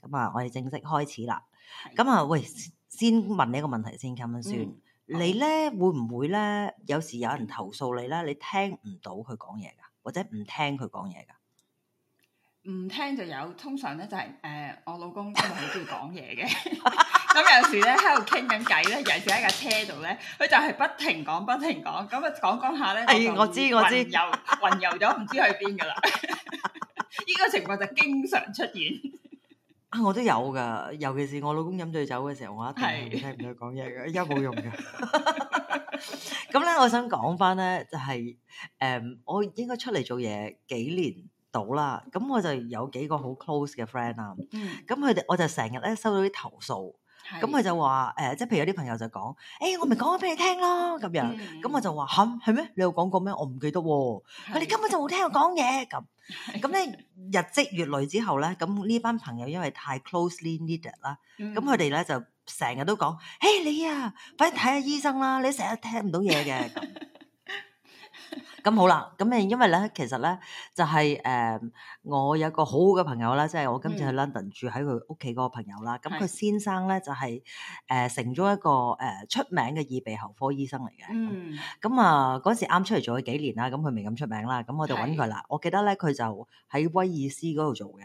咁啊，我哋正式開始啦。咁啊的，喂，先問你一個問題、嗯、先，咁樣算。你咧呢會唔會咧？有時有人投訴你咧，你聽唔到佢講嘢㗎，或者唔聽佢講嘢㗎？唔聽就有，通常咧就係、是、誒、呃，我老公真係好鍾意講嘢嘅。咁 有時咧喺度傾緊偈咧，尤其喺架車度咧，佢就係不停講不停講，咁啊講講下咧，誒、哎、我知我知，遊魂遊咗唔知去邊㗎啦。呢個情況就經常出現。啊，我都有噶，尤其是我老公飲醉酒嘅時候，我一定聽唔到佢講嘢嘅，而家冇是的 用嘅。咁咧，我想講翻咧，就係、是、誒、嗯，我應該出嚟做嘢幾年到啦。咁、嗯、我就有幾個好 close 嘅 friend 啊、嗯嗯嗯。嗯。咁佢哋我就成日咧收到啲投訴，咁佢就話誒，即係譬如有啲朋友就講，誒、欸、我咪講咗俾你聽咯，咁樣。咁、嗯嗯嗯、我就話嚇，係、嗯、咩？你有講過咩？我唔記得喎、哦。佢哋根本就冇聽我講嘢咁。咁咧日積月累之後咧，咁呢班朋友因為太 closely needed 啦，咁佢哋咧就成日都講，誒你啊，快啲睇下醫生啦！你成日聽唔到嘢嘅。咁好啦，啊，咁誒，嗯、因為咧，其實咧就係、是、誒，我有個好好嘅朋友啦，即係我今次去 London 住喺佢屋企嗰個朋友啦。咁佢先生咧就係誒成咗一個誒出名嘅耳鼻喉科醫生嚟嘅。咁啊嗰時啱出嚟做咗幾年啦，咁佢未咁出名啦，咁我就揾佢啦。我記得咧佢就喺威爾斯嗰度做嘅，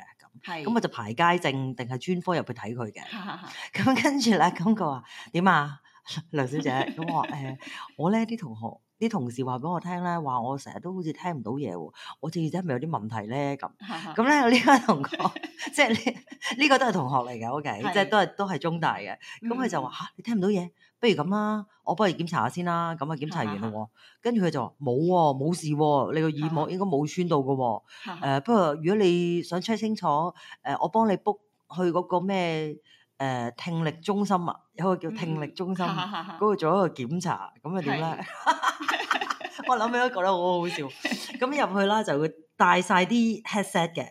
咁咁我就排街證定係專科入去睇佢嘅。咁，嗯、跟住咧，咁佢話點啊，梁 at 小姐，咁我誒，我咧啲同學。啲同事話俾我聽咧，話我成日都好似聽唔到嘢喎，我隻耳仔係咪有啲問題咧咁。咁咧呢個同學， 即係呢、這個都係同學嚟嘅，O K，即係都係都係中大嘅。咁佢、嗯、就話嚇、啊，你聽唔到嘢，不如咁啦，我幫你檢查下先啦。咁啊檢查完咯喎，跟住佢就話冇喎，冇、啊、事喎、啊，你個耳膜應該冇穿到嘅喎。不過如,如果你想 check 清楚，誒、呃，我幫你 book 去嗰個咩？誒、呃，聽力中心啊，有一個叫聽力中心，嗰度、嗯、做一個檢查，咁又點咧？我諗起都覺得好好笑。咁入 去啦，就會戴晒啲 headset 嘅，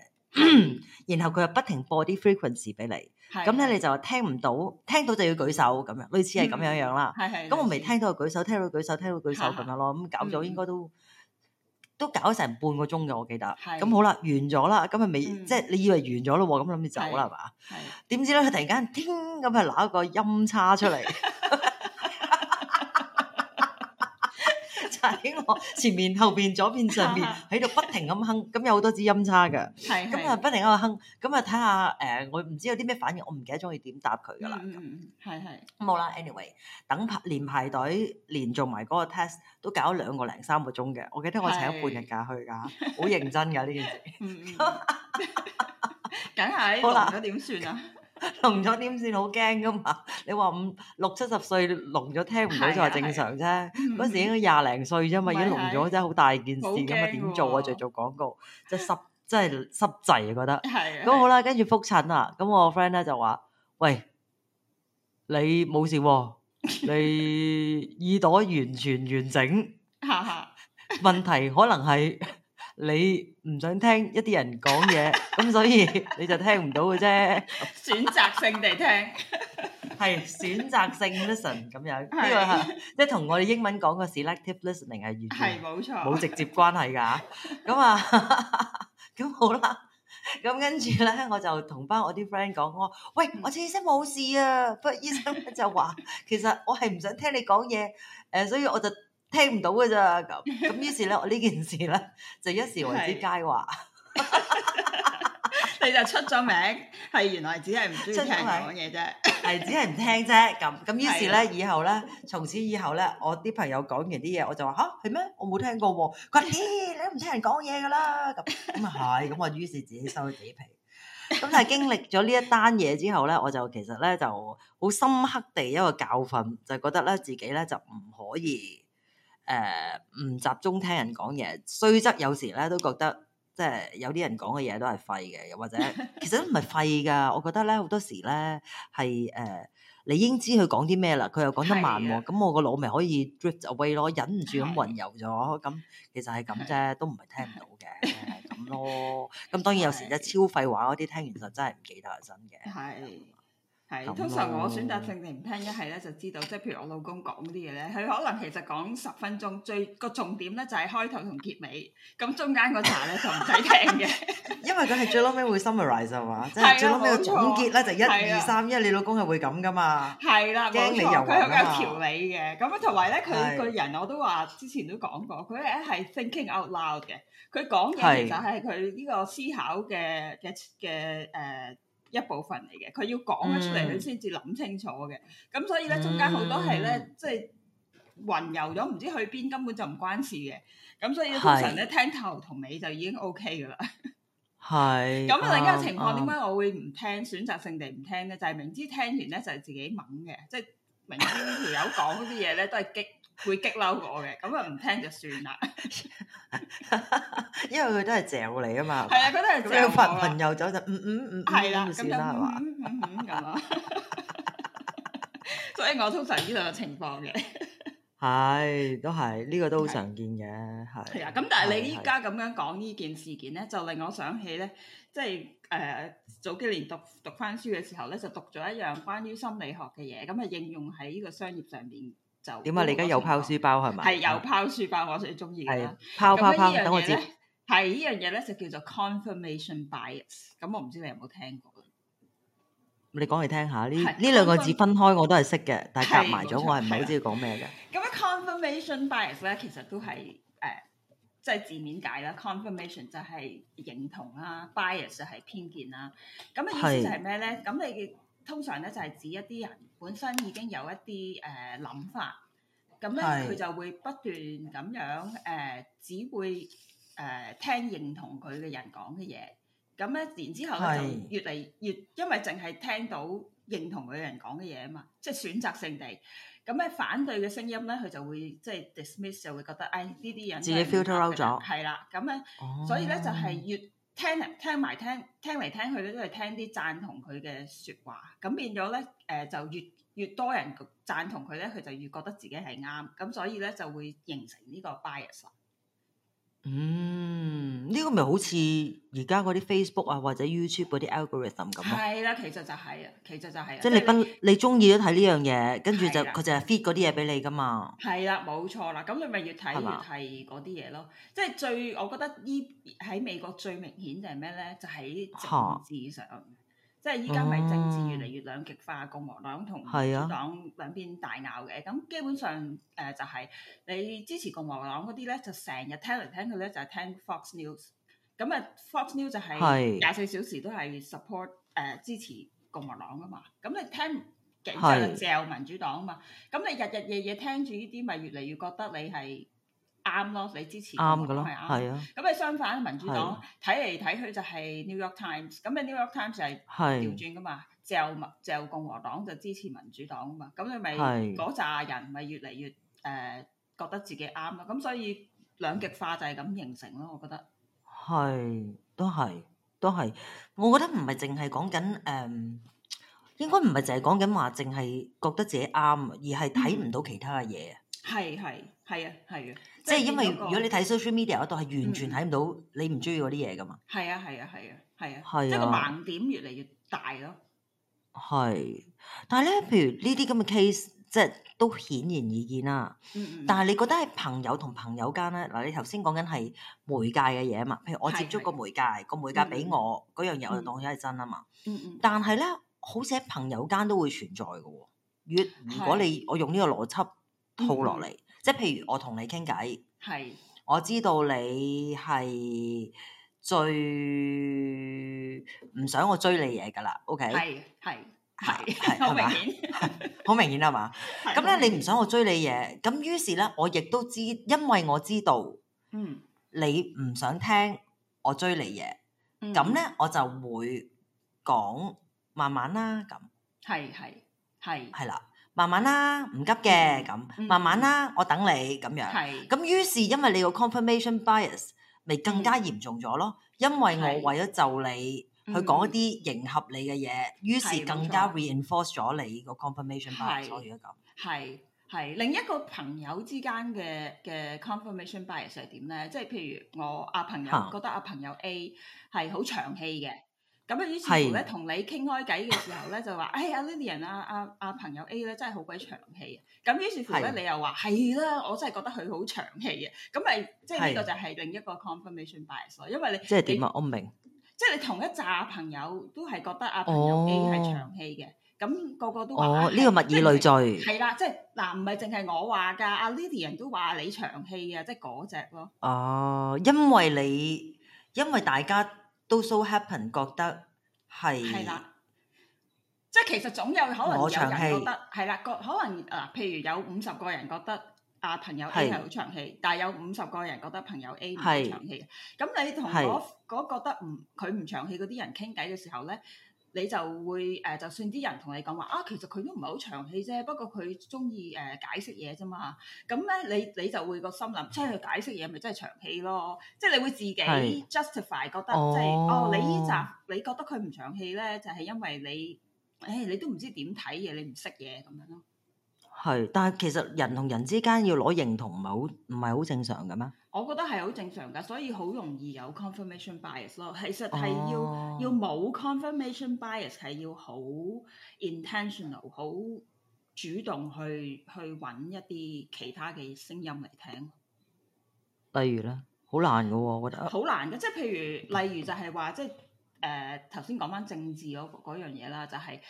然後佢又不停播啲 frequency 俾你，咁咧的你就話聽唔到，聽到就要舉手咁樣，類似係咁樣樣啦。咁我未聽到就舉手，聽到舉手，聽到舉手咁樣咯。咁搞咗應該都，都。嗯都搞成半個鐘嘅，我記得。咁是好啦，完咗啦，咁咪未，即係你以為完咗咯，咁諗住走啦係嘛。點知咧，佢突然間聽咁係攞一個音叉出嚟。 喺我前面、後邊、左邊、上面，喺度不停咁哼，咁有好多支音叉嘅。係。咁啊不停咁哼，咁啊睇下誒，我唔知有啲咩反應，我唔記得中意點答佢噶啦。嗯嗯嗯，係係。冇啦，anyway，等排連排隊連做埋嗰個 test 都搞兩個零三個鐘嘅，我記得我請咗半日假去㗎，好認真㗎呢件事。梗係，好啦，點算啊？聾咗 點算？好驚㗎嘛！你話五六七十歲聾咗聽唔到就係正常啫。嗰是時應該廿零歲啫嘛，已經聾咗真係好大件事是是，咁啊點做啊？就做廣告，即係濕，即係濕滯啊！覺得咁好啦，跟住復診啦。咁我 friend 咧就話，喂，你冇事喎，啊，你耳朵完全完整。 問題可能係。你唔想聽一啲人講嘢，咁 所以你就聽唔到嘅啫。 選擇性地聽，係選擇性 listen 咁樣，呢個係即係同我哋英文講個 selective listening 係完全冇直接關係㗎。咁 樣啊，咁 好啦，咁跟住咧，我就同返我啲 friend 講我，喂，我醫生冇事啊， 不過醫生就話其實我係唔想聽你講嘢，誒，所以我就，聽唔到嘅咋，咁咁於是咧，我呢件事咧就一時為之佳話，你就出咗名，係原來只係唔中意聽人講嘢啫，係只係唔聽啫，咁咁於是咧，以後咧，從此以後咧，我啲朋友講完啲嘢，我就話吓係咩？我冇聽過喎，佢話咦，你都唔聽人講嘢嘅啦，咁咁啊係，咁我於是自己收咗幾皮，咁但係經歷咗呢一單嘢之後咧，我就其實咧就好深刻地一個教訓，就覺得咧自己咧就唔可以。誒唔、uh, 集中聽人講嘢，雖則有時咧都覺得，即係有啲人講嘅嘢都係廢嘅，又或者其實都唔係廢㗎。我覺得咧好多時咧係誒，uh, 你已經知佢講啲咩啦，佢又講得慢喎、哦，咁我個腦咪可以 drift 咗位咯，忍唔住咁混遊咗，咁其實係咁啫，都唔係聽唔到嘅，係咁咯。咁當然有時即係超廢話嗰啲，聽完就真係唔記得係真嘅。係的。嗯。係，通常我選擇性地唔聽一係咧，就知道即係譬如我老公講啲嘢咧，佢可能其實講十分鐘，最個重點咧就係開頭同結尾，咁中間個茶咧就唔使聽嘅。因為佢係最後尾會 summarise，係嘛，即係最後尾個總結咧就一二三，因為你老公係會咁噶嘛。係啦，冇錯，佢有條理嘅，咁啊同埋咧佢個人我都話之前都講過，佢咧係 thinking out loud 嘅，佢講嘢其實係佢呢個思考嘅嘅嘅誒。一部分嚟嘅，佢要講咗出嚟，佢先至諗清楚嘅。咁、嗯、所以咧，中間好多係咧，即係雲遊咗，唔知去邊，根本就唔關事嘅。咁所以通常咧，是聽頭同尾就已經 OK 㗎喇。係 是。咁啊，另一個情況點解我會唔聽？嗯、選擇性地唔聽咧，就係、是、明知聽完咧就係、是、自己懵嘅，即、就、係、是、明知條友講啲嘢咧都係激。會激嬲我嘅，咁啊唔聽就算啦。 因為佢都係嚼嚟啊嘛。係 啊，佢都係嚼。咁樣朋朋友就就嗯嗯嗯，係、嗯、啦，咁就嗯嗯嗯咁啊。所以我通常呢度嘅情況嘅，係 都係呢、這個都好常見嘅，係。係啊，咁但係你依家咁樣講呢件事件咧，就令我想起咧，即係誒，早幾年讀讀翻書嘅時候咧，就讀咗一樣關於心理學嘅嘢，咁啊應用喺呢個商業上邊。點啊？你而家又拋書包係咪？係又拋書包，我最中意啦！拋拋拋，麼等我知。係呢樣嘢咧，就叫做 confirmation bias。咁我唔知你有冇聽過。你講嚟聽下，呢呢兩個字分開我都係識嘅，但係夾埋咗我係唔係好知要講咩嘅。咁樣 confirmation bias 咧，其實都係誒，即、呃、係、係、字面解啦。confirmation 就係認同啦，啊，bias 就係偏見啦，啊。咁嘅意思就係咩咧？咁你嘅。通常咧就係指一啲人本身已經有一啲誒，諗法，咁咧佢就會不斷咁樣誒、呃，只會誒、呃、聽認同佢嘅人講嘅嘢，咁咧然之後咧就越嚟越，因為淨係聽到認同佢嘅人講嘅嘢啊嘛，即係選擇性地，咁咧反對嘅聲音咧佢就會即係 dismiss 就會覺得，誒呢啲人，人自己 filter out 咗對，係啦了，咁咧、oh. 所以咧就係越。聽嚟埋聽聽嚟聽去咧都係聽啲贊同佢嘅説話，咁變咗咧誒就越越多人贊同佢咧，佢就越覺得自己係啱，咁所以咧就會形成呢個 bias 啦。嗯，呢、這個咪好似而家嗰啲 Facebook 啊或者 YouTube 嗰啲 algorithm 咁咯。係啦，其實就係，其實就係。即係你不你中意都睇呢樣嘢，跟住就佢的就係 feed 嗰啲嘢俾你噶嘛。係啦，冇錯啦。咁你咪越睇越係嗰啲嘢咯。的即係最我覺得呢，喺美國最明顯就係咩咧？就喺、是、政治上。 即係依家咪政治越嚟越兩極化，共和黨同民主黨兩邊大拗嘅。咁、啊、基本上誒、呃、就係、是、你支持共和黨嗰啲咧，就成日聽嚟聽去咧就係、是、聽 Fox News。咁啊 Fox News 就係廿四小時都係 support 誒、呃、支持共和黨㗎嘛。咁你聽即係就嚼民主黨啊嘛。咁是你日日夜夜聽住呢啲，咪越嚟越覺得你係。啱咯，你支持民主黨係啱，咁誒相反，民主黨睇嚟睇去就係 New York Times，咁誒 New York Times 就係調轉噶嘛，就就共和黨就支持民主黨啊嘛，咁你咪嗰扎人咪越嚟越誒覺得自己啱啊，咁所以兩極化就係咁形成咯，我覺得係，都係，都係，我覺得唔係淨係講緊誒，應該唔係淨係講緊話淨係覺得自己啱，而係睇唔到其他嘅嘢啊，係係。係啊，係啊，即係因為如果你睇 social media 嗰度係完全睇唔到你唔中意嗰啲嘢噶嘛。係啊，係啊，係啊，係啊，係啊，即係個盲點越嚟越大咯。係，但係咧，譬如呢啲咁嘅 case，即係都顯然而見啦。但係你覺得係朋友同朋友間咧嗱，你頭先講緊係媒介嘅嘢啊嘛。譬如我接觸個媒介，個媒介俾我嗰樣嘢，我就當咗係真啊嘛。但係咧，好似喺朋友間都會存在嘅喎。如如果你我用呢個邏輯套落嚟。即係譬如我同你傾偈，係是我知道你係最唔想我追你嘢㗎啦，OK？係係係係，係嘛？好明顯係嘛？咁咧 是、嗯、你唔想我追你嘢，咁於是咧我亦都知，因為我知道，嗯，你唔想聽我追你嘢，咁咧、嗯、我就會講慢慢啦，咁係係係係啦。慢慢啦，唔急嘅，咁，慢慢啦，我等你咁樣。係咁於是，因為你個 confirmation bias 咪更加嚴重咗咯。嗯、因為我為咗就你去講一啲迎合你嘅嘢，於、嗯、是更加 reinforce 咗你個 confirmation bias 是所以咁。係，係，另一個朋友之間嘅嘅 confirmation bias 係點咧？即、就、係、是、譬如我阿、啊、朋友、嗯、覺得阿、啊、朋友 A 係好長氣嘅。咁啊，於是乎咧，同你傾開偈嘅時候咧，就話：「哎，阿 Lillian、阿朋友 A 咧，真係好鬼長氣啊！咁於是乎咧，你又話：係啦，我真係覺得佢好長氣啊。」咁咪即係呢個就係另一個 confirmation bias 咯，因為你即係點啊？我唔明。即係你同一紮朋友都係覺得阿朋友 A 係長氣嘅，咁個個都話：哦，呢個物以類聚。係啦，即係嗱，唔係淨係我話㗎，阿 Lillian 都話你長氣啊，即係嗰隻咯。哦，因為你，因為大家。S 都 s、so、happen 覺得係，即 係 其實總有可能有人覺得係啦，個可能嗱，譬如有五十個人覺得啊朋友 A 係好長氣，但係有五十個人覺得朋友 A 唔長氣嘅。咁你同我嗰覺得唔佢唔長氣嗰啲人傾偈嘅時候咧，你就會誒、呃，就算啲人同你講話啊，其實佢都唔係好長氣啫，不過佢中意誒解釋嘢啫嘛。咁、嗯、咧，你你就會個心諗，即係解釋嘢，咪真係長氣咯？即係你會自己 justify 是覺得、就是，即係哦，哦，你呢集你覺得佢唔長氣咧，就係、是、因為你，誒、哎、你都唔知點睇嘢，你唔識嘢咁樣咯。係，但係其實人同人之間要攞認同唔係好唔係好正常嘅咩？我覺得係好正常㗎，所以好容易有 confirmation bias 咯。其實係要、哦、要冇 confirmation bias 係要好 intentional，好主動去去揾一啲其他嘅聲音嚟聽。例如咧，好難嘅喎、哦，我覺得。好難嘅，即係譬如，例如就係話，即係誒頭先講翻政治嗰樣嘢啦，就係、係。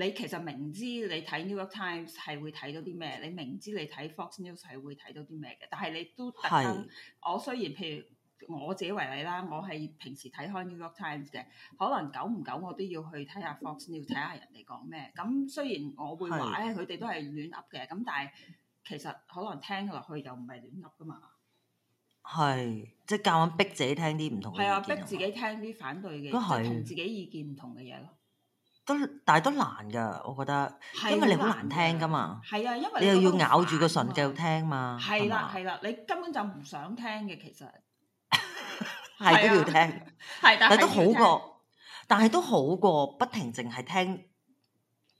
你其實明知你睇 New York Times 係會睇到啲咩，你明知你睇 Fox News 係會睇到啲咩嘅，但係你都特登。是我雖然譬如我自己為例啦，我係平時睇開 New York Times 嘅，可能久唔久我都要去睇下 Fox News 睇下人哋講咩。咁雖然我會話誒，佢哋是都係亂噏嘅，咁但係其實可能聽落去又唔係亂噏㗎嘛。係，即係夾硬逼自己聽啲唔同。係啊，逼自己聽啲反對嘅，即係同是自己意見唔同嘅嘢咯。都但係都難㗎，我覺得，因為你好難聽㗎嘛。係啊，因為你又要咬住個唇繼續聽嘛。係啦係啦，你根本就唔想聽嘅其實。係都要聽。係，但係都好過，但係都好過不停淨係聽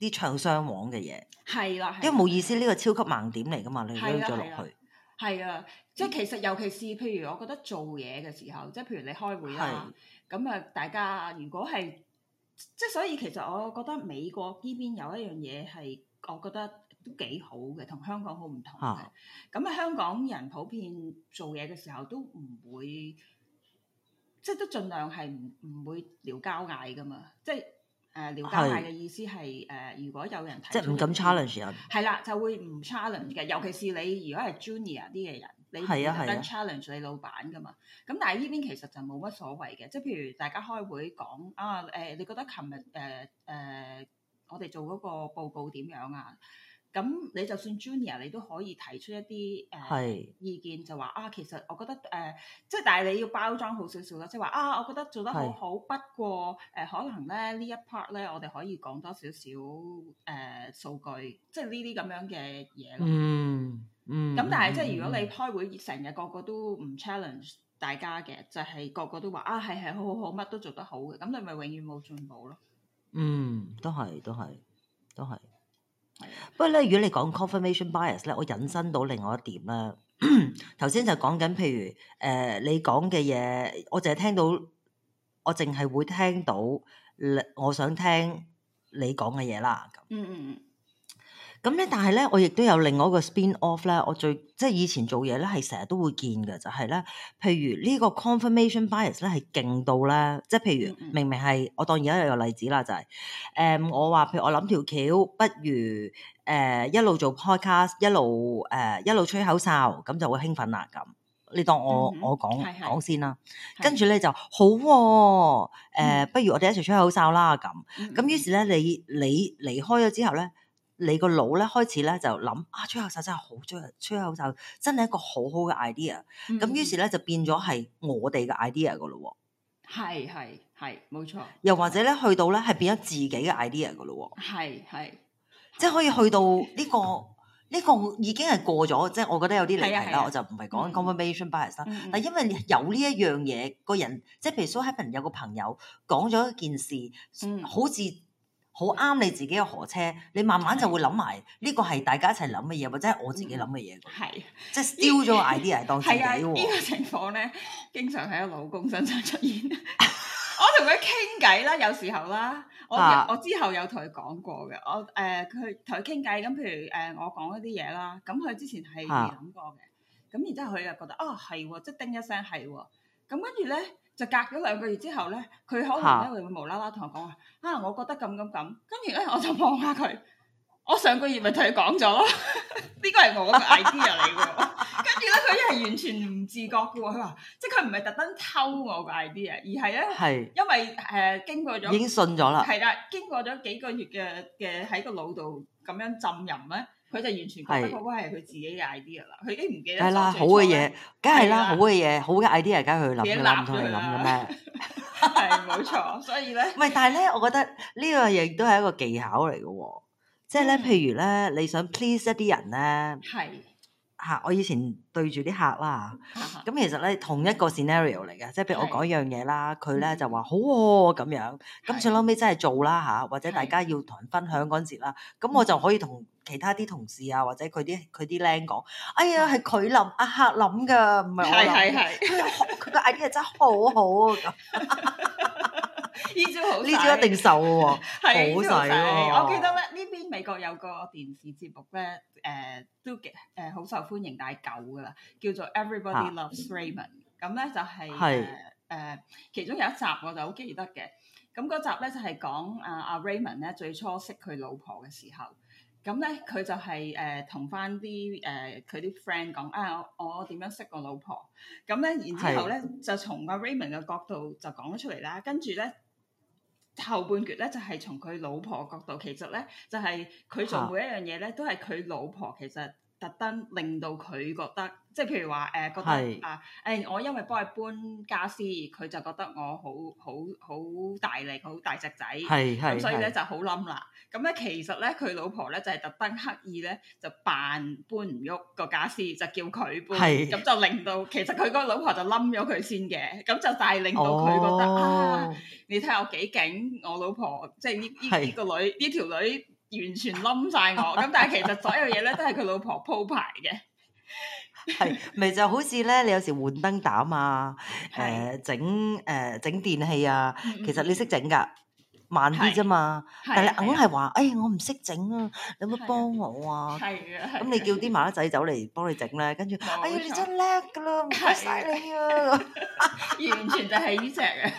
啲唱雙簧嘅嘢。係啦，因為冇意思，呢個超級盲點嚟㗎嘛，你堆咗落去。係啊，即係其實尤其是譬如我覺得做嘢嘅時候，即係譬如你開會啊，咁啊大家如果係。即係所以，其實我覺得美國呢邊有一樣嘢係我覺得都幾好嘅，同香港好唔同嘅。咁啊，香港人普遍做嘢嘅時候都唔會即係都盡量係唔唔會聊交嗌噶嘛。即係誒、呃、聊交嗌嘅意思係誒是、呃、如果有人睇，即係唔敢 challenge，係啦就會唔 challenge 嘅。尤其是你如果係 junior 啲嘅人。你 challenge 你老闆㗎嘛？咁但係呢邊其實就冇乜所謂嘅，即係譬如大家開會講啊，誒、呃，你覺得琴日誒誒我哋做嗰個報告點樣啊？咁、嗯、你就算 junior，你都可以提出一啲誒、呃、是意見，就話啊，其實我覺得誒，即、呃、係但係你要包裝好少少咯，即係話啊，我覺得做得好好，是不過誒、呃、可能咧呢一 part 咧，我哋可以講多少少誒數據，即係呢啲咁樣嘅嘢咯。嗯。咁、嗯、但係即係如果你開會成日、嗯、個個都唔 challenge 大家嘅，就係、是、個個都話啊係係好好好，乜都做得好嘅，咁你咪永遠冇進步咯。嗯，都係都係都係。不過咧，如果你講 confirmation bias 咧，我引申到另外一點啦。頭先就講緊譬如誒、呃，你講嘅嘢，我淨係聽到，我淨係會聽到，我想聽你講嘅嘢啦。嗯嗯嗯。咁咧，但係咧，我亦都有另外一個 spin off 咧。我最即係以前做嘢咧，係成日都會見嘅，就係、是、咧，譬如呢個 confirmation bias 咧，係勁到咧，即係譬如明明係我，當而家有個例子啦，就係、是、誒、嗯、我話，譬如我諗條橋，不如誒、呃、一路做 podcast，一路誒、呃、一路吹口哨，咁就會興奮啦。咁你當我我講、嗯、講先啦，跟住咧就好喎。呃嗯、哼不如我哋一齊吹口哨啦。咁咁於是咧，你你離開咗之後咧。你個腦咧，開始咧就諗啊，吹口哨真係好吹意，吹口哨真係一個好好嘅 idea、嗯。咁於是咧就變咗係我哋嘅 idea 噶咯喎，係係係冇錯。又或者咧，去到咧係變咗自己嘅 idea 噶咯喎，係係，即係可以去到呢、呢個呢、呢個已經係過咗，即係我覺得有啲離題啦。啊啊、我就唔係講 confirmation bias 啦，嗯、但因為有呢一樣嘢，個人即係譬如 so happen 有個朋友講咗一件事，好似。好啱你自己嘅河車，你慢慢就會諗埋呢個係大家一齊諗嘅嘢，或者係我自己諗嘅嘢。係、嗯，即係丟咗個 idea 當這的自己係啊，呢個情況咧，經常喺我老公身上出現。 我同佢傾偈啦，有時候啦，我、啊、我，我之後有同佢講過嘅，我誒佢同佢傾偈，咁、呃、譬如誒、呃、我講一啲嘢啦，咁、嗯、佢之前係冇諗過嘅，咁、啊、然之後佢又覺得哦，係喎，即、就、係、是、叮一聲係喎。咁跟住咧，就隔咗兩個月之後咧，佢可能咧、啊、會無啦啦同我講話，啊，我覺得咁咁咁，跟住咧我就望下佢，我上個月咪同佢講咗咯， 呢個係我嘅 idea 嚟喎，跟住咧佢係完全唔自覺嘅喎，佢話，即係佢唔係特登偷我嘅 idea，而係咧，是因為誒、呃、經過咗已經信咗啦，係啦，經過咗幾個月嘅嘅喺個腦度咁樣浸淫咧。佢就完全嗰個係佢自己嘅 idea 啦，佢的已經唔記得咗。係啦的，好嘅嘢，梗係啦，好嘅嘢，好嘅 idea 梗係佢諗嘅，唔通你諗嘅咩？係冇錯，所以咧，唔係， 但係咧，我覺得呢個嘢亦都係一個技巧嚟嘅喎，即係咧，嗯、譬如咧，你想 please 一啲人咧，係。嚇！我以前對住啲客啦，咁其實咧同一個 scenario 嚟嘅，即係譬如我講一樣嘢啦，佢咧就話好喎咁樣，咁最嬲屘真係做啦嚇，或者大家要同人分享嗰陣時啦，咁我就可以同其他啲同事啊，或者佢啲佢啲僆講，哎呀係佢諗，阿客諗噶，唔係我諗，佢佢個 idea 真係好好啊！呢 招好 是，呢 招一定瘦喎，好瘦 我記得咧，呢邊美國有個電視節目咧，誒、呃、都幾誒好、呃、受歡迎，但係舊㗎啦，叫做《Everybody Loves Raymond》嗯。咁、嗯、咧就係誒誒，其中有一集我就好記得嘅。咁嗰集咧就係、是、講啊阿 Raymond 咧最初識佢老婆嘅時候，咁咧佢就係誒同翻啲誒佢啲 friend 講：呃呃「啊，我點樣識我老婆？咁、嗯、咧然之後咧、嗯、 就從阿 Raymond 嘅角度就講咗出嚟啦，跟住咧。後半橛咧就係從佢老婆角度，其實咧就係、是、佢做每一樣嘢咧都係佢老婆其實。特登令到佢覺得，即係譬如話誒覺得啊誒，我因為幫佢搬家私，佢就覺得我好好好大力，好大隻仔，咁所以咧就好冧啦。咁咧其實咧佢老婆咧就係特登刻意咧就扮搬唔喐個家私，就叫佢搬，咁就令到其實佢嗰個老婆就冧咗佢先嘅，咁就帶令到佢覺得啊，你睇我幾勁，我老婆即係呢呢呢個女呢條女，完全冧晒我，咁但係其實所有嘢咧都係佢老婆鋪排嘅，係咪 就好似咧，你有時換燈膽啊，誒整誒整電器啊，其實你識整㗎，慢啲啫嘛， 是但係你硬係話，誒的、哎、我唔識整啊，你有乜幫我啊？係啊，咁你叫啲馬仔走嚟幫你整咧，跟住，哎呀你真叻㗎啦，犀利啊，完全就係呢隻啊！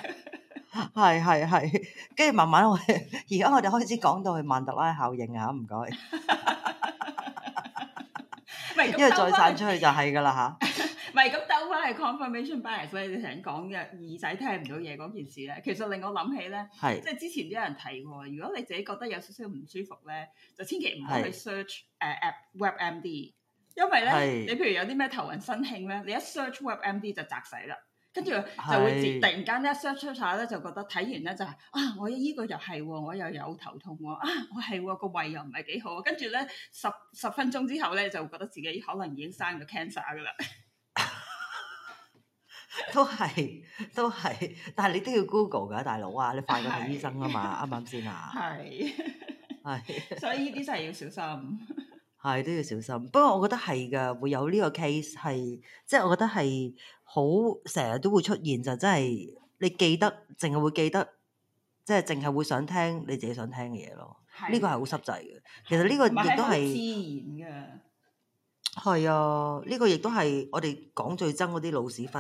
係係係，跟住慢慢我而家我哋開始講到去曼德拉效應啊，唔該。 因為再散出去就係噶啦吓。唔係咁 兜翻係 confirmation bias，所以你成日講嘅耳仔聽唔到嘢嗰件事咧，其實令我諗起咧，是即係之前都有人提過，如果你自己覺得有少少唔舒服咧，就千祈唔好去 search 誒是、啊、app WebMD，因為咧是你譬如有啲咩頭暈身慶咧，你一 search WebMD 就砸死啦。跟住就會是突然間一 search 下咧，就覺得睇完咧就係啊，我呢依個又係喎，我又有頭痛喎，啊，我係喎，個胃又唔係幾好，跟住咧十十分鐘之後咧，就覺得自己可能已經生咗 cancer 噶啦。都係都係，但係你都要 google 噶，大佬啊，你快過睇醫生啊嘛，啱啱先啊？係係， 是 所以呢啲真係要小心。係都要小心，不過我覺得係㗎，會有呢個 case 係，即係我覺得係好成日都會出現就真係你記得，淨係會記得，即係淨係會想聽你自己想聽嘅嘢咯。呢個係好濕滯嘅，其實呢個亦都係嘅。係啊，呢個亦都係我哋講最憎嗰啲老屎忽。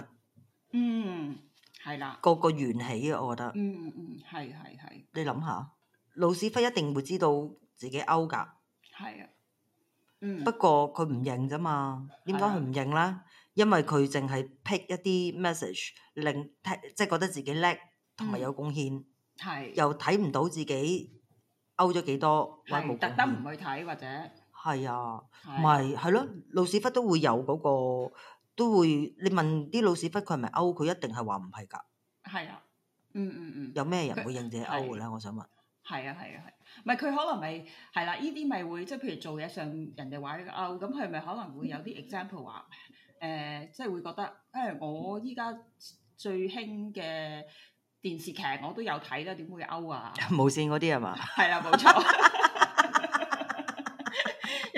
嗯，係啦。個個緣起啊，我覺得。嗯嗯，係係係。你諗下，老屎忽一定會知道自己勾㗎。係啊。嗯、不過佢唔認咋嘛？點解佢唔認咧？嗯、因為佢淨係 pick 一啲 message 令即係覺得自己叻同埋有貢獻，係、嗯、又睇唔到自己 out 咗幾多，係特登唔去睇，或者係啊，唔係，係咯，老屎忽都會有嗰、那個，都會你問啲老屎忽，佢係咪 out？佢一定係話唔係噶，係啊，嗯嗯嗯，嗯嗯，有咩人會認自己 out 咧、啊？我想問。係啊係啊係，唔係佢可能咪係啦。呢啲咪會即係譬如做嘢上人哋話歐，咁佢咪可能會有啲 example 話，誒，即係會覺得誒、欸，我依家最興嘅電視劇我都有睇啦，點會歐啊？無線嗰啲係嘛？係啦，啊，冇錯。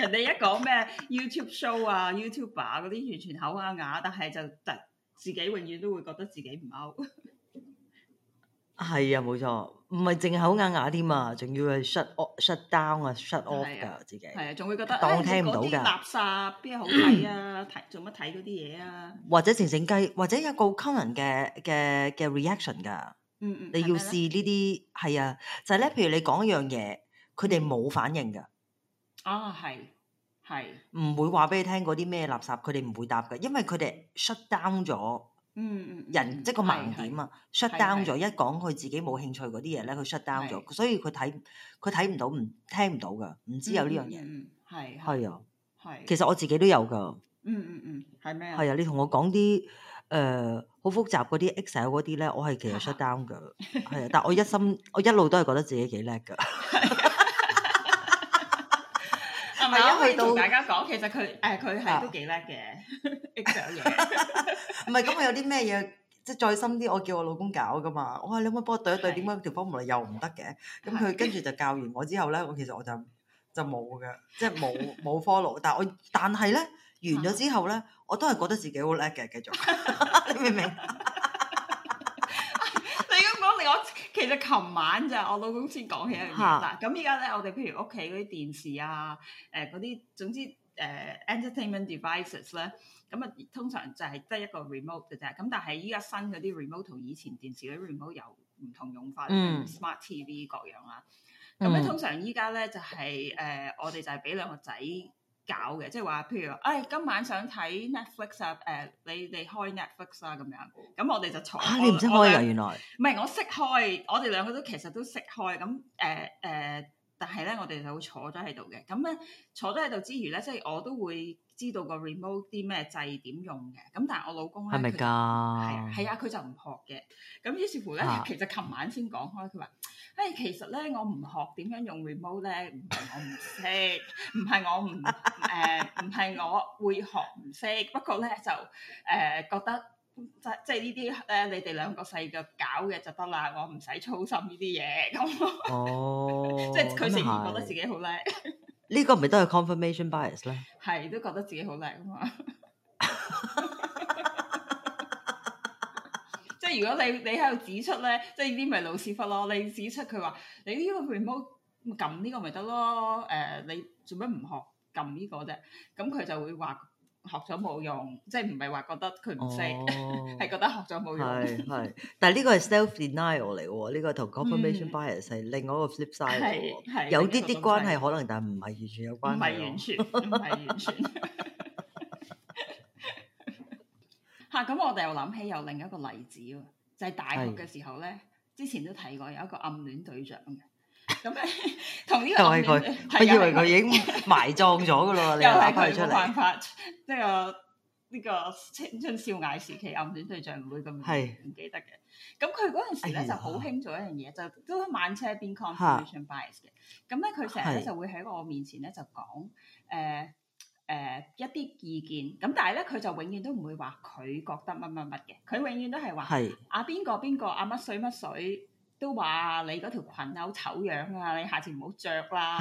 人哋一講咩 YouTube show 啊，YouTuber 嗰、啊、啲，完全口啞啞，但係就突自己永遠都會覺得自己唔歐。係啊，冇錯，唔係淨係口啞啞添啊，仲要係 shut off、shut down 啊、shut off 噶自己，係啊，仲會覺得當聽唔到噶，咧嗰啲垃圾，邊咩好睇啊？睇做乜睇嗰啲嘢啊？或者靜靜雞，或者有個 common 嘅嘅嘅 reaction 噶，嗯嗯，你要試呢啲，係啊，就係咧，譬如你講一樣嘢，佢哋冇反應噶，啊，係，係，唔會話俾你聽嗰啲咩垃圾，佢哋唔會答噶，因為佢哋 shut down 咗。嗯，嗯人即個盲點啊，shut down 咗，一講佢自己冇興趣嗰啲嘢咧，佢 shut down 咗，是是所以佢睇佢睇唔到，唔聽唔到噶，唔知有呢樣嘢，係係、嗯嗯嗯、啊，係，其實我自己都有噶、嗯，嗯嗯嗯，係咩？係啊，你同我講啲誒好複雜嗰啲 Excel 嗰啲咧，我係其實 shut down 噶，係啊， 但我一心，我一路都係覺得自己幾叻噶。 我一去到， 大家講其實佢誒佢係都幾叻嘅，唔係咁，我有啲咩嘢即係再深啲，我叫我老公搞噶嘛。我、哎、話你可唔可以幫我對一對？點解的條方唔嚟又唔得嘅？咁、嗯、佢、嗯、跟住就教完我之後咧，我其實我就就冇嘅，即係冇冇 follow。但係我但係咧完咗之後咧，我都係覺得自己好叻嘅，繼續你明唔明？ 其實琴晚就係，我老公先講起一樣嘢啦。咁而家咧，我哋譬如屋企嗰啲電視啊，誒嗰啲，總之誒、呃、entertainment devices 咧、啊，咁啊通常就係得一個 remote 嘅啫。咁但係依家新嗰啲 remote 同以前電視嗰啲 remote 有唔同用法，smart、嗯、TV 各樣啦、啊。咁咧、嗯、通常依家咧就係、是、誒、呃，我哋就係俾兩個仔。搞嘅，即係話，譬如，哎，今晚想睇 Netflix 啊，誒，你哋開 Netflix 啊，咁樣，咁我哋就嘈。嚇，你唔識開啊？原來。唔係、啊，我識開，我哋兩個都其實都識開，咁誒誒。啊但係咧，我哋就會坐咗喺度嘅。咁咧，坐咗喺度之餘咧，即係我都會知道個 remote 啲咩掣點用嘅。咁但係我老公咧，係咪㗎？係 啊，係啊，佢就唔學嘅。咁於是乎咧、啊哎，其實琴晚先講開，佢話，誒，其實咧，我唔學點樣用 remote 咧，唔係我唔識，唔係 我唔誒，唔、呃、係我會學唔識。不過咧，就誒、呃、覺得。即即係呢啲咧，你哋兩個細個搞嘅就得啦，我唔使操心呢啲嘢咁。哦， 即係佢成然覺得自己好叻。呢個唔係都係 confirmation bias 咧？係 都覺得自己好叻啊嘛！即係如果你你喺度指出咧，即係呢啲咪老屎忽咯。你指出佢話你呢個 remote 撳呢個咪得咯？誒，你做咩唔學撳呢個啫？咁佢就會話。學咗冇用，即係唔係話覺得佢唔識，係、哦、 覺得學咗冇用。係係，但係呢個係 self denial 嚟喎，呢、嗯、個同 confirmation bias 係另外一個 flip side 嚟，有啲啲關係可能，但係唔係完全有關係。唔係完全，唔係 完全。吓、 啊，咁我哋又諗起有另一個例子，就係、是、大學嘅時候咧，是之前都睇過有一個暗戀對象嘅。咁，同呢 個唔同嘅，對我以為佢已經埋葬咗嘅咯，你 又打佢出嚟。又係冇辦法呢、這個呢個呢、呢個青春少艾時期暗戀對象唔會咁唔記得嘅。咁佢嗰陣時咧、哎、呦就好興做一樣嘢，就都喺晚車邊 confirmation bias 嘅。咁咧佢成日咧就會喺我面前咧就講誒誒一啲意見。咁但係咧佢就永遠都唔會話佢覺得乜乜乜嘅。佢永遠都係話阿邊個邊個阿乜水乜水。啊都話你嗰條裙好醜樣啊！你下次唔好着啦。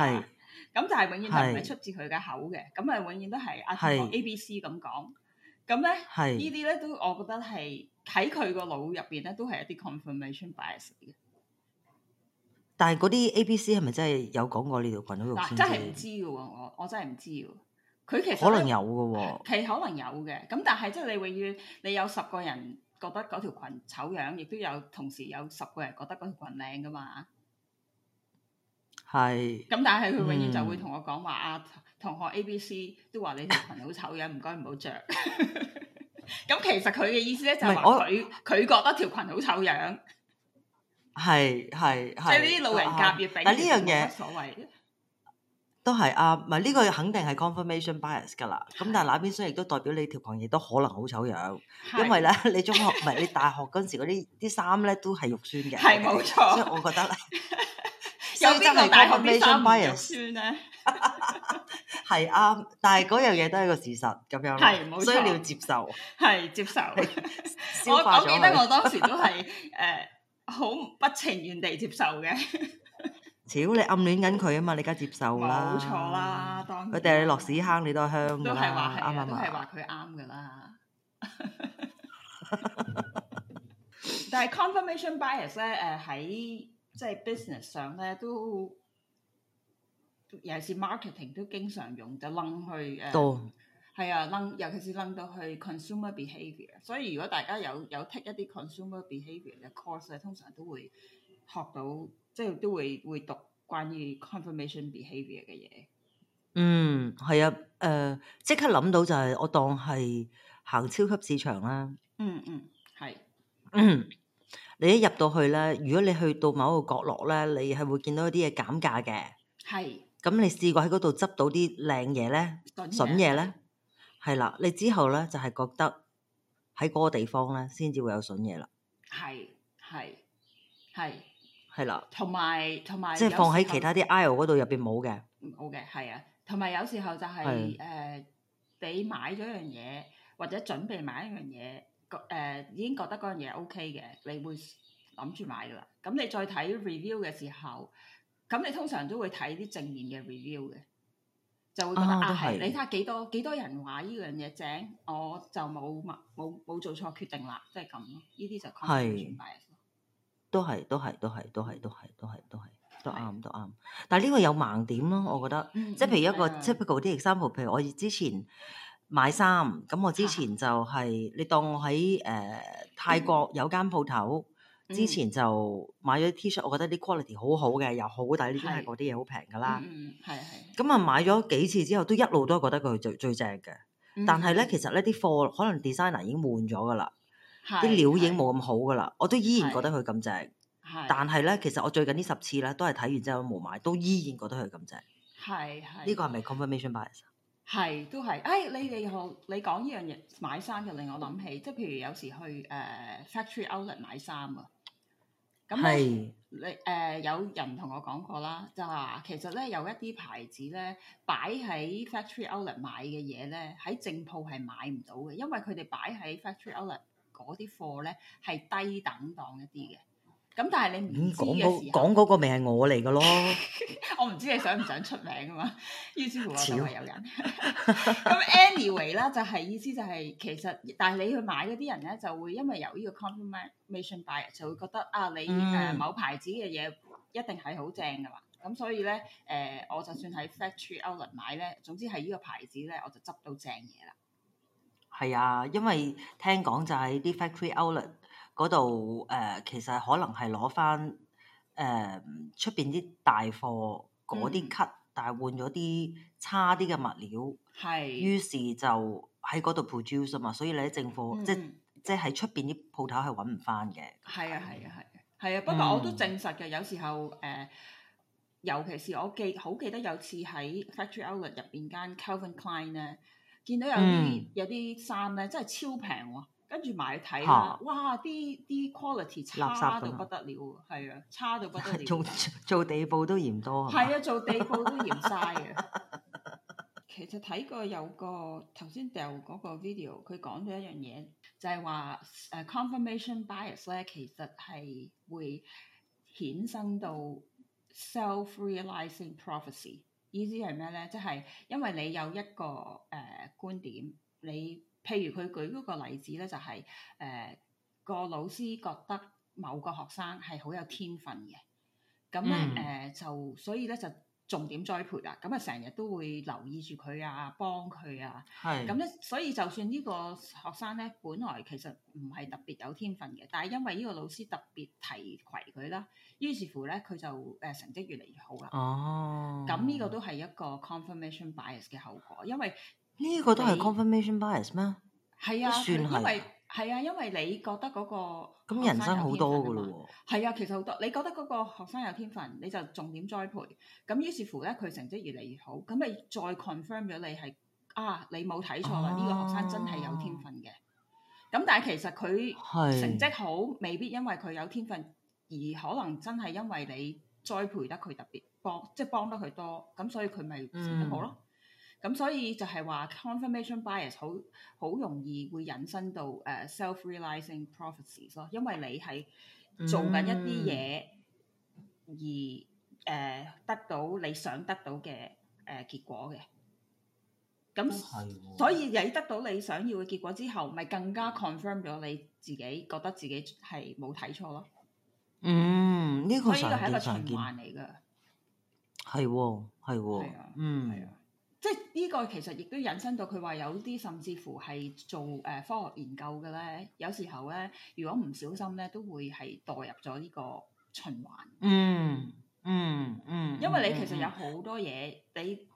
咁是但係永遠都唔係出自佢嘅口嘅，咁是啊永遠都係啊 ABC 咁講。咁咧是呢啲咧都我覺得係喺佢個腦入邊咧都係一啲 confirmation bias 嘅。但係嗰啲 ABC 係咪真係有講過呢條裙好肉酸啲，啊？真係唔知嘅喎，我我真係唔知喎。佢其，其實可能有嘅喎，其可能有嘅。咁但係即係你永遠你有十個人，覺得嗰條裙醜樣，亦都有同時有十個人覺得嗰條裙靚噶嘛？係。咁但係佢永遠就會同我講話啊，同學 A、B、C 都話你條裙好醜樣，唔該唔好着。咁其實佢嘅意思咧，就係話佢佢覺得條裙好醜樣。係係。即係呢啲路人甲乙丙，但係呢樣嘢無所謂。都係啊，唔係呢個肯定係 confirmation bias 噶啦。咁但係那邊雖然亦都代表你條朋友都可能好醜樣，因為咧你中學唔係你大學嗰時嗰啲啲衫咧都係肉酸嘅，係冇錯。所以我覺得，有 confirmation bias 肉酸咧？係啱，但係嗰樣嘢都係一個事實咁樣，所以你需要接受，係接受。我我記得我當時都係誒好不情願地接受嘅。超，你暗戀緊佢啊嘛！你梗係接受啦，冇錯啦，當佢掟你落屎坑，你都係香㗎啦，啱唔啱啊？都係話佢啱㗎啦。但係 confirmation bias 咧，誒喺即係 business 上咧都，尤其是 marketing 都經常用，就掹去誒，係啊，掹尤其是掹到去 consumer behaviour。所以如果大家有有 take 一啲 consumer behaviour 嘅 course 咧，通常都會學到。即係都會會讀關於 confirmation behavior 嘅嘢。嗯，係啊，誒、呃，即刻諗到就係我當係行超級市場啦。嗯嗯，係、嗯。 你一入到去咧，如果你去到某一個角落咧，你係會見到一啲嘢減價嘅。係是。咁你試過喺嗰度執到啲靚嘢咧，筍嘢咧？係、嗯、啦、啊，你之後咧就係、是、覺得喺嗰個地方咧先至會有筍嘢啦。係係係。係啦，同埋同埋即係放喺其他啲 aisle 嗰度入邊冇嘅，冇嘅、嗯、係、okay, 啊。同埋有時候就係、是、誒，俾的、呃、買咗樣嘢，或者準備買一樣嘢，誒、呃、已經覺得嗰樣嘢 OK 嘅，你會諗住買噶啦。咁你再睇 review 嘅時候，咁你通常都會睇啲正面嘅 review 嘅，就會覺得啊，係、啊、你睇下幾多幾多人話呢樣嘢正，我就冇冇冇做錯決定啦，即係咁咯。呢啲就靠轉的都係，都係，都係，都係，都係，都係，都係，都啱，都啱。但係呢個有盲點咯，我覺得。嗯嗯、即係譬如一個 typical 啲 example，譬如我之前買衫，咁我之前就係、是，啊、你當我喺誒、uh, 泰國有間鋪頭，嗯、之前就買咗 T 恤，shirt，我覺得啲 quality 好好嘅，又好抵，呢啲泰國啲嘢好平㗎啦嗯。嗯。係咁啊，嗯、買咗幾次之後，都一路都覺得佢最最正嘅。但係咧，其實呢啲貨可能 designer 已經換咗㗎啦。啲料已經冇咁好噶啦，我都依然覺得佢咁正。但係咧，其實我最近呢十次咧，都係睇完之後冇買，都依然覺得佢咁正。係係，呢個係咪 Confirmation Bias 係？都係，誒、哎，你哋學你講呢樣嘢買衫，就令我諗起，即係譬如有時去誒、uh, factory outlet 買衫啊。係。你誒、uh, 有人同我講過啦，就話、是、其實咧有一啲牌子咧擺喺 factory outlet 買嘅嘢咧，喺正鋪係買唔到嘅，因為佢哋擺喺 factory outlet。嗰啲貨咧係低等檔一啲嘅，咁但係你唔講嗰，講嗰個咪係我嚟嘅咯。 我唔知你想唔想出名啊嘛，於是乎我就話有人。咁 anyway 啦，就係意思就係、是、其實，但係你去買嗰啲人咧，就會因為由呢個 confirmation bias 就會覺得啊，你誒某牌子嘅嘢一定係好正嘅嘛。咁、嗯、所以咧，誒、呃、我就算喺 factory outlet 買咧，總之係呢個牌子咧，我就執到正嘢啦。係啊，因為聽講就喺啲 factory outlet 嗰度，誒、呃、其實可能係攞翻誒出邊啲大貨嗰啲 cut、嗯、但係換咗啲差啲嘅物料，係於是就喺嗰度 produce 啊嘛，所以你喺正貨、嗯、即即喺出邊啲鋪頭係揾唔翻嘅。係啊，係啊，係、啊，係啊，啊，不過我都證實嘅，嗯、有時候誒、呃，尤其是我記好記得有次喺 factory outlet 入邊間 Calvin Klein 咧。見到有啲、嗯、有啲衫咧，真係超平喎！跟住埋去睇下，啊、哇！啲啲 quality 差到不得了，係啊，差到不得了。做做地步都嫌多。係 啊，做地步都嫌嘥啊、 就係 uh！其實睇過有個頭先掉嗰個 video，佢講咗一樣嘢，就係話誒 confirmation bias 咧，其實係會衍生到 self-realizing prophecy。意思係咩咧？即係因為你有一個誒觀點，你譬如佢舉嗰個例子咧，就係誒個老師覺得某個學生係好有天分嘅，咁咧誒就所以咧就。重點栽培啦，咁啊成日都會留意住佢啊，幫佢啊，咁咧是，所以就算呢個學生咧，本來其實唔係特別有天分嘅，但係因為呢個老師特別提攜佢啦，於是乎咧佢就誒成績越嚟越好啦。哦，咁呢個都係一個 confirmation bias 嘅後果，因為呢個都係 confirmation bias 咩？係你啊，算係。因為係啊，因為你覺得嗰個學生有天分嘅嘛，係啊，其實好多，你覺得嗰個學生有天分，你就重點栽培，咁於是乎咧，佢成績越嚟越好，咁咪再 confirm 咗你，係啊，你冇睇錯啦，呢、啊、個學生真係有天分嘅。咁但係其實佢成績好，是未必因為佢有天分，而可能真係因為你栽培得佢特別幫，即係幫得佢多，咁所以佢咪成績好咯。嗯。咁、嗯、所以就係話 confirmation bias 好好容易會引申到誒、uh, self-realizing prophecies 咯，prophecies，因為你係做緊一啲嘢而誒、嗯、得到你想得到嘅誒、呃、結果嘅。咁、嗯嗯、所以你得到你想要嘅結果之後，咪更加 confirm 咗你自己覺得自己係冇睇錯咯。嗯，呢、呢個係以一個循環嚟㗎。係喎、嗯，係、這、喎、個啊，嗯。即係呢、這個其實亦都引申到佢話有啲甚至乎係做誒、呃、科學研究嘅咧，有時候咧如果唔小心咧，都會係墮入咗呢個循環、嗯。嗯嗯嗯，嗯因為你其實有好多嘢、嗯嗯嗯、你。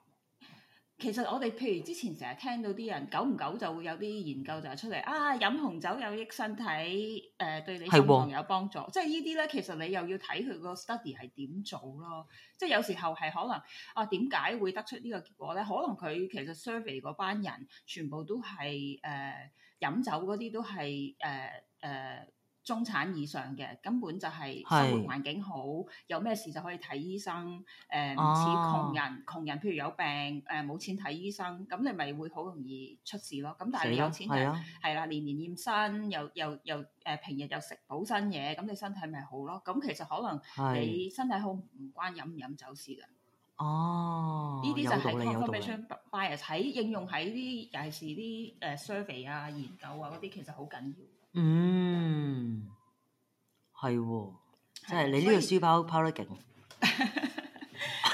其實我哋譬如之前成日聽到啲人久唔久就會有啲研究就係出嚟啊，飲紅酒有益身體，誒、呃、對你心臟有幫助。的即係呢啲咧，其實你又要睇佢個 study 係點做咯。即係有時候係可能啊，點解會得出呢個結果咧？可能佢其實 survey 嗰班人全部都係誒飲酒嗰啲都係誒誒。呃呃中產以上嘅根本就係生活環境好，是有咩事就可以睇醫生。唔、呃、似、啊、窮人，窮人譬如有病誒，冇、呃、錢睇醫生，咁你咪會好容易出事咯。但係你有錢就係啦，年、啊、年驗身，又又又誒、呃，平日又食補身嘢，咁你身體咪好咯。咁其實可能你身體好唔是關飲唔飲酒事㗎。哦、啊，呢啲就係 Confirmation Bias 喺應用喺啲尤其是啲誒 survey 啊、研究啊嗰啲，其實好緊要。嗯，係喎，即係你呢個書包拋得勁。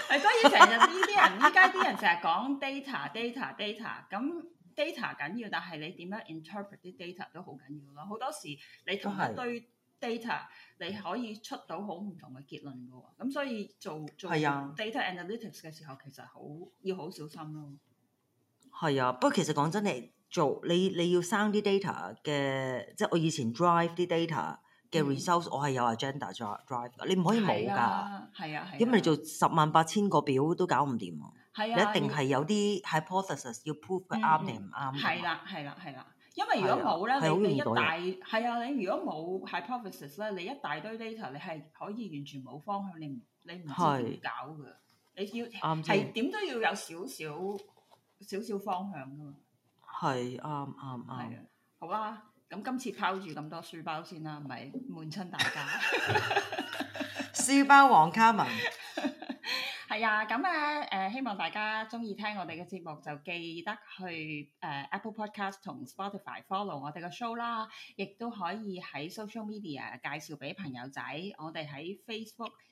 係，所以其 日呢啲人，依家啲人成日講 data，data，data。咁 data 緊要，但係你點樣 interpret 啲 data 都好緊要咯。好多時你同一堆 data，你可以出到好唔同嘅結論嘅喎。咁所以做做係啊 data 的 analytics 嘅時候，其實好要好小心咯。係啊，不過其實講真你。做你你要生啲 data 嘅，即係我以前 drive 啲 data 嘅 resource，我係有 agenda drive，你唔可以冇㗎。係啊，係啊，咁你做十萬八千個表都搞唔掂啊！係啊，一定係有啲 hypothesis 要 prove 佢啱定唔啱。係啦，係啦，係啦，因為如果冇咧，你你一大係啊，你如果冇 hypothesis 咧，你一大堆 data 你係可以完全冇方向，你唔你唔知點搞㗎？你要係點都要有少少少少方向㗎嘛。係啱啱啱，好啦、啊。咁、嗯、今次拋住咁多書包先啦，咪悶親大家。 書包王 Carmen，係 啊！咁咧誒，希望大家中意聽我哋嘅節目，就記得去誒、呃、Apple Podcast 同 Spotify follow 我哋嘅 show 啦，亦都可以喺 social media 介紹俾朋友仔。我哋喺 Facebook。